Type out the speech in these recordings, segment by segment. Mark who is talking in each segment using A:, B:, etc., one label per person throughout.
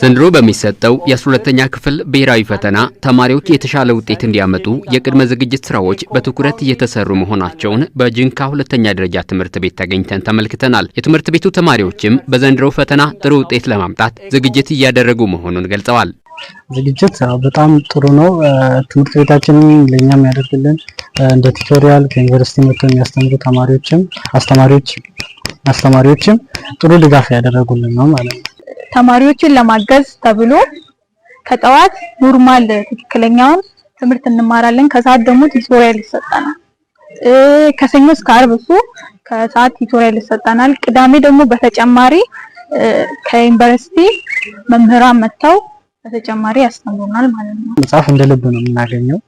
A: ዘንድሮ በሚሰጠው የ12ተኛ ክፍል ብሔራዊ ፈተና ተማሪዎች የተሻለ ውጤት እንዲያመጡ የቅድመ ዝግጅት ስራዎች በትኩረት እየተሰሩ መሆናቸውን በጅንካ ሁለተኛ ደረጃ ትምህርት ቤት ተገኝተን ተመልክተናል። የትምህርት ቤቱ ተማሪዎችም በዘንድሮ ፈተና ጥሩ ውጤት ለማምጣት ዝግጅት እያደረጉ መሆኑን ገልጸዋል።
B: ዝግጅት በጣም ጥሩ ነው። ትምህርት ቤታችን ለእኛ የሚያደርግልን እንደ ቱቶሪያል ከዩኒቨርሲቲ መጥቶ የሚያስተምሩ ተማሪዎችም አስተማሪዎች አስተማሪዎችም ጥሩ ድጋፍ ያደረጉልን ነው ማለት ነው።
C: ተማሪዎችን ለማገዝ ተብሎ ከጠዋት ኖርማል ትክክለኛውን ትምህርት እንማራለን። ከሰዓት ደግሞ ቲቶሪያል ይሰጠናል። ከሰኞ እስከ አርብ እሱ ከሰዓት ቲቶሪያል ይሰጠናል። ቅዳሜ ደግሞ በተጨማሪ ከዩኒቨርሲቲ መምህራን መጥተው በተጨማሪ ያስተምሩናል ማለት
B: ነው። መጽሐፍ እንደ ልብ ነው የምናገኘው።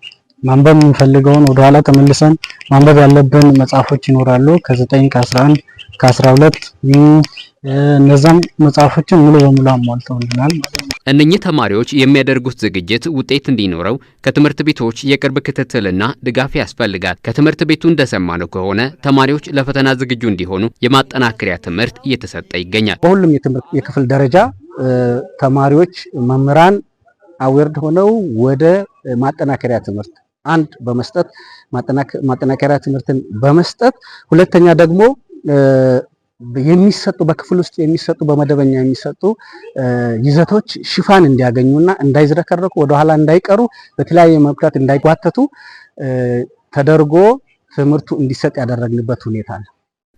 B: ማንበብ የምንፈልገውን ወደኋላ ተመልሰን ማንበብ ያለብን መጽሐፎች ይኖራሉ ከዘጠኝ ከአስራ አንድ ከአስራ ሁለት እነዛም መጽሐፎችን ሙሉ በሙሉ አሟልተውልናል
A: እነኚህ ተማሪዎች የሚያደርጉት ዝግጅት ውጤት እንዲኖረው ከትምህርት ቤቶች የቅርብ ክትትልና ድጋፍ ያስፈልጋል። ከትምህርት ቤቱ እንደሰማነው ከሆነ ተማሪዎች ለፈተና ዝግጁ እንዲሆኑ የማጠናከሪያ ትምህርት እየተሰጠ ይገኛል።
B: በሁሉም የክፍል ደረጃ ተማሪዎች፣ መምህራን አዌርድ ሆነው ወደ ማጠናከሪያ ትምህርት አንድ በመስጠት ማጠናከሪያ ትምህርትን በመስጠት ሁለተኛ ደግሞ የሚሰጡ በክፍል ውስጥ የሚሰጡ በመደበኛ የሚሰጡ ይዘቶች ሽፋን እንዲያገኙና እንዳይዝረከረኩ ወደኋላ እንዳይቀሩ በተለያየ ምክንያት እንዳይጓተቱ ተደርጎ ትምህርቱ እንዲሰጥ ያደረግንበት ሁኔታ ነው።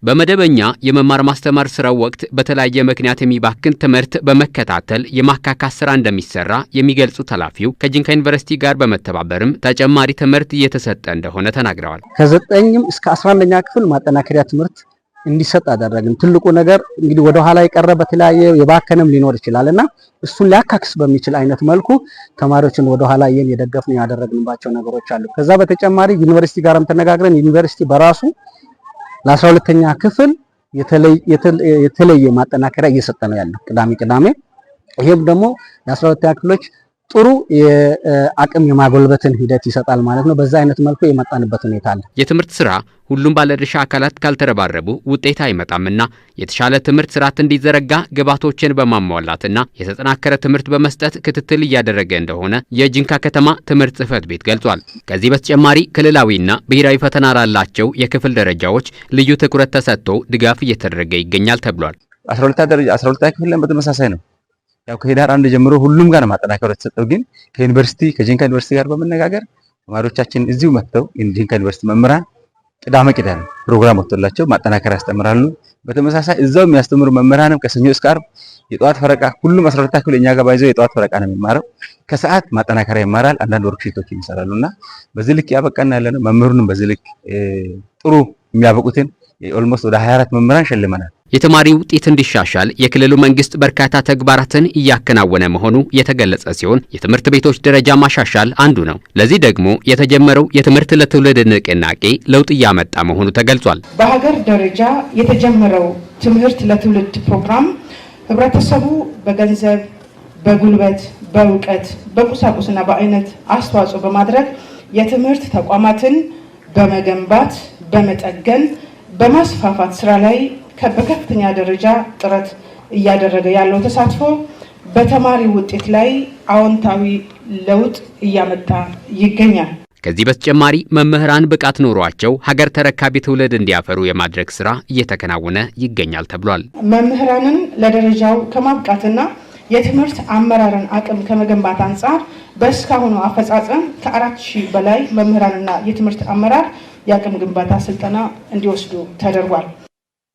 A: በመደበኛ የመማር ማስተማር ስራው ወቅት በተለያየ ምክንያት የሚባክን ትምህርት በመከታተል የማካካት ስራ እንደሚሰራ የሚገልጹት ኃላፊው ከጂንካ ዩኒቨርሲቲ ጋር በመተባበርም ተጨማሪ ትምህርት እየተሰጠ እንደሆነ ተናግረዋል።
B: ከዘጠኝም እስከ አስራ አንደኛ ክፍል ማጠናከሪያ ትምህርት እንዲሰጥ አደረግን። ትልቁ ነገር እንግዲህ ወደ ኋላ የቀረ በተለያየ የባከንም ሊኖር ይችላል እና እሱን ሊያካክስ በሚችል አይነት መልኩ ተማሪዎችን ወደ ኋላ ይህን የደገፍን ያደረግንባቸው ነገሮች አሉ። ከዛ በተጨማሪ ዩኒቨርሲቲ ጋርም ተነጋግረን ዩኒቨርሲቲ በራሱ ለአስራ ሁለተኛ ክፍል የተለየ ማጠናከሪያ እየሰጠ ነው ያለው ቅዳሜ ቅዳሜ ይህም ደግሞ የአስራ ሁለተኛ ክፍሎች ጥሩ የአቅም የማጎልበትን ሂደት ይሰጣል ማለት ነው። በዛ አይነት መልኩ የመጣንበት ሁኔታ አለ።
A: የትምህርት ስራ ሁሉም ባለድርሻ አካላት ካልተረባረቡ ውጤት አይመጣምና የተሻለ ትምህርት ስርዓት እንዲዘረጋ ግባቶችን በማሟላትና የተጠናከረ ትምህርት በመስጠት ክትትል እያደረገ እንደሆነ የጂንካ ከተማ ትምህርት ጽህፈት ቤት ገልጿል። ከዚህ በተጨማሪ ክልላዊና ብሔራዊ ፈተና ላላቸው የክፍል ደረጃዎች ልዩ ትኩረት ተሰጥቶ ድጋፍ እየተደረገ ይገኛል ተብሏል።
B: አስራ ሁለተኛ ክፍል በተመሳሳይ ነው ያው ከህዳር አንድ ጀምሮ ሁሉም ጋር ማጠናከር የተሰጠው ግን ከዩኒቨርሲቲ ከጂንካ ዩኒቨርሲቲ ጋር በመነጋገር ተማሪዎቻችን እዚሁ መጥተው ጂንካ ዩኒቨርሲቲ መምህራን ቅዳመ ቅዳም ፕሮግራም ወጥቶላቸው ማጠናከር ያስተምራሉ። በተመሳሳይ እዛው የሚያስተምሩ መምህራንም ከሰኞ እስከ ዓርብ የጠዋት ፈረቃ ሁሉም አስራ ሁለት ክፍል እኛ ጋር ባይዘው የጠዋት ፈረቃ ነው የሚማረው። ከሰዓት ማጠናከሪያ ይማራል። አንዳንድ ወርክሺቶች ይሰራሉ እና በዚህ ልክ ያበቃና ያለ ነው። መምህሩንም በዚህ ልክ ጥሩ የሚያበቁትን ኦልሞስት ወደ 24 መምህራን ሸልመናል።
A: የተማሪ ውጤት እንዲሻሻል የክልሉ መንግስት በርካታ ተግባራትን እያከናወነ መሆኑ የተገለጸ ሲሆን የትምህርት ቤቶች ደረጃ ማሻሻል አንዱ ነው። ለዚህ ደግሞ የተጀመረው የትምህርት ለትውልድ ንቅናቄ ለውጥ እያመጣ መሆኑ ተገልጿል።
D: በሀገር ደረጃ የተጀመረው ትምህርት ለትውልድ ፕሮግራም ህብረተሰቡ በገንዘብ፣ በጉልበት፣ በእውቀት፣ በቁሳቁስና በአይነት አስተዋጽኦ በማድረግ የትምህርት ተቋማትን በመገንባት በመጠገን በማስፋፋት ስራ ላይ በከፍተኛ ደረጃ ጥረት እያደረገ ያለው ተሳትፎ በተማሪ ውጤት ላይ አዎንታዊ ለውጥ እያመጣ ይገኛል።
A: ከዚህ በተጨማሪ መምህራን ብቃት ኖሯቸው ሀገር ተረካቢ ትውልድ እንዲያፈሩ የማድረግ ስራ እየተከናወነ ይገኛል ተብሏል።
D: መምህራንን ለደረጃው ከማብቃትና የትምህርት አመራርን አቅም ከመገንባት አንጻር በእስካሁኑ አፈጻጸም ከአራት ሺህ በላይ መምህራንና የትምህርት አመራር የአቅም ግንባታ ስልጠና እንዲወስዱ ተደርጓል።